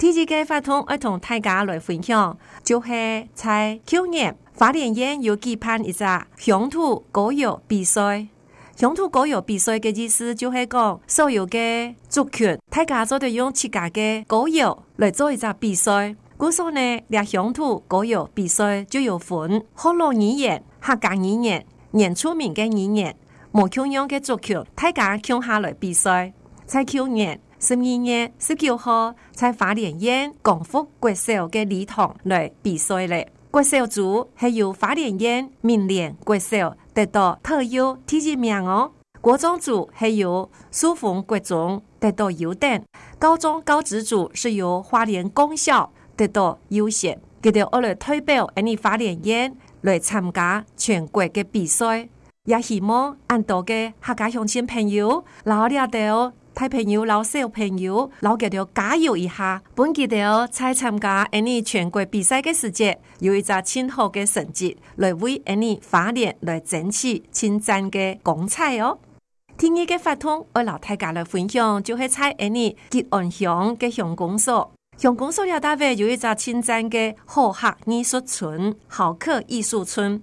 今日嘅法通，要同大家來分享，就係、是、在去年花蓮縣有舉辦一隻鄉土歌謠比賽。鄉土歌謠比賽的意思就係講所有的族群，大家都對用自家的歌謠來做一個比賽。故說呢，啲鄉土歌謠比賽就有分河洛語言、客家語言、原住民的語言、冇腔音的族群，大家共下來比賽。在去年。十二月十九號，在花蓮縣廣福國小嘅禮堂來比賽嘞。國小組係由花蓮縣明廉國小得到特優，推薦名額、哦，國中組係由壽豐國中得到優等，高中高職組是由花蓮工校得到優先。給得我來推表，安你花蓮縣來參加全國嘅比賽。也希望俺多嘅客家鄉親朋友老了下得哦。大朋友、老少朋友，老叫佢加油一下。本期再參加 any 全國比賽的時節，有一個千賀的成績，來為 any 花蓮來展示千讚的光彩哦。聽日的發通為老太家來分享，就係在 any 吉安鄉嘅鄉公所，鄉公所嘅大會有一個千讚的好客藝術村，好客藝術村。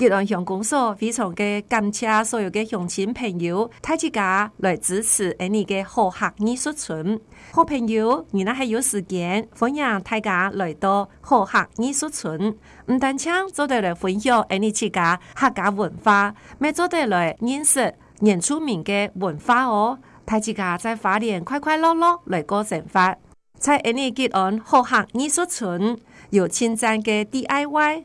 吉安鄉公所非常嘅感謝，所有的鄉親朋友，大家來支持呢年的好客藝術村。好朋友，你呢還有時間，歡迎大家來到好客藝術村。唔但槍做到來分享呢年之家客家文化，咩做到來認識認出名的文化哦。大家在花蓮快快樂樂來過生活。在呢年吉安好客藝術村，有千盞的 D I Y。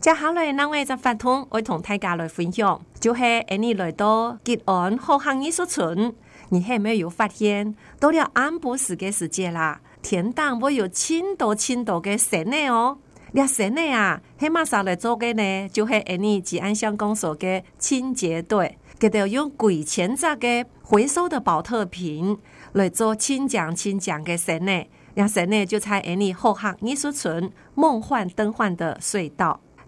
接下來諗我一隻法通，我同大家來分享，就係而你來到吉安浩瀚藝術村，你係咪有發現到了安布斯嘅世界啦？天堂會有千多千多嘅神呢？哦，啲神呢啊，係馬上來做嘅呢，就係而你吉安鄉公所嘅清潔隊，佢哋用鬼錢紮嘅回收的寶特瓶來做清潔清潔嘅神呢？啲神呢就在而你浩瀚藝術村夢幻燈幻的隧道。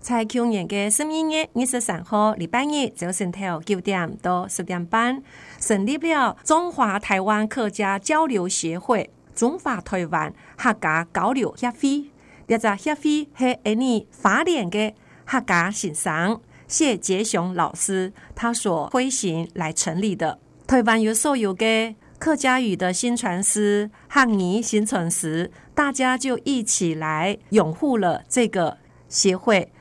在去年的十一月二十三號，禮拜二早晨九點到十點半，成立了中華台灣客家交流協會。中華台灣客家交流協會呢個協會係二零八年客家先生謝杰雄老師，他所推行來成立的。台灣有所有的客家語的新傳師和你新傳師，大家就一起來擁護了這個協會。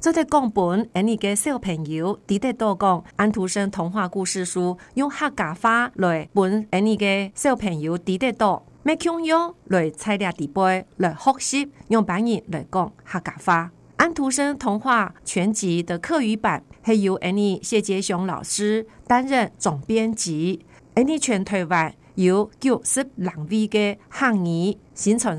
做啲講本 a n 嘅小朋友啲得多講安徒生童話故事書，用客家話來本 a n 嘅小朋友啲得多習用來講客家話安徒生童話全集的客語版，是由謝杰雄老師擔任總編輯，全台灣有九十漢語形成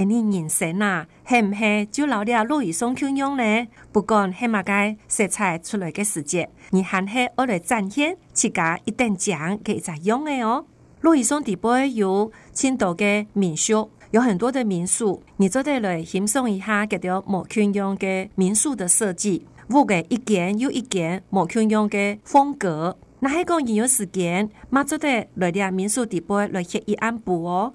欸、你人生呐，係唔係就留了落羽松鴛鴦呢？不管係馬街色彩出來的世界你黑來黑時節，而係我哋展現自家一等獎可以怎樣嘅哦？落羽松底部有青島嘅民宿，有很多的民宿，你做得來欣賞一下嗰啲木鴛鴦嘅民宿的設計，屋嘅一間又一間木鴛鴦嘅風格。那喺講旅有時間，馬做得嚟啲民宿底部嚟去一安步哦。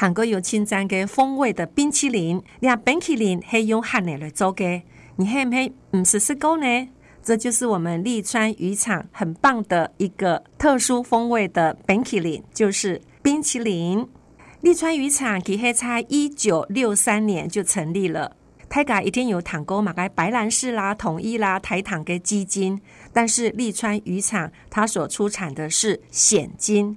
坦哥有清真嘅風味的冰淇淋，你講冰淇淋係用漢奶來做嘅，你係唔係唔是實講呢？這就是我們立川漁場很棒的一個特殊風味的冰淇淋，就是冰淇淋。立川漁場其實喺一九六三年就成立了，台港一定有坦哥買該白蘭氏啦、統一啦、台糖嘅雞精，但是立川漁場它所出產的是蜆精。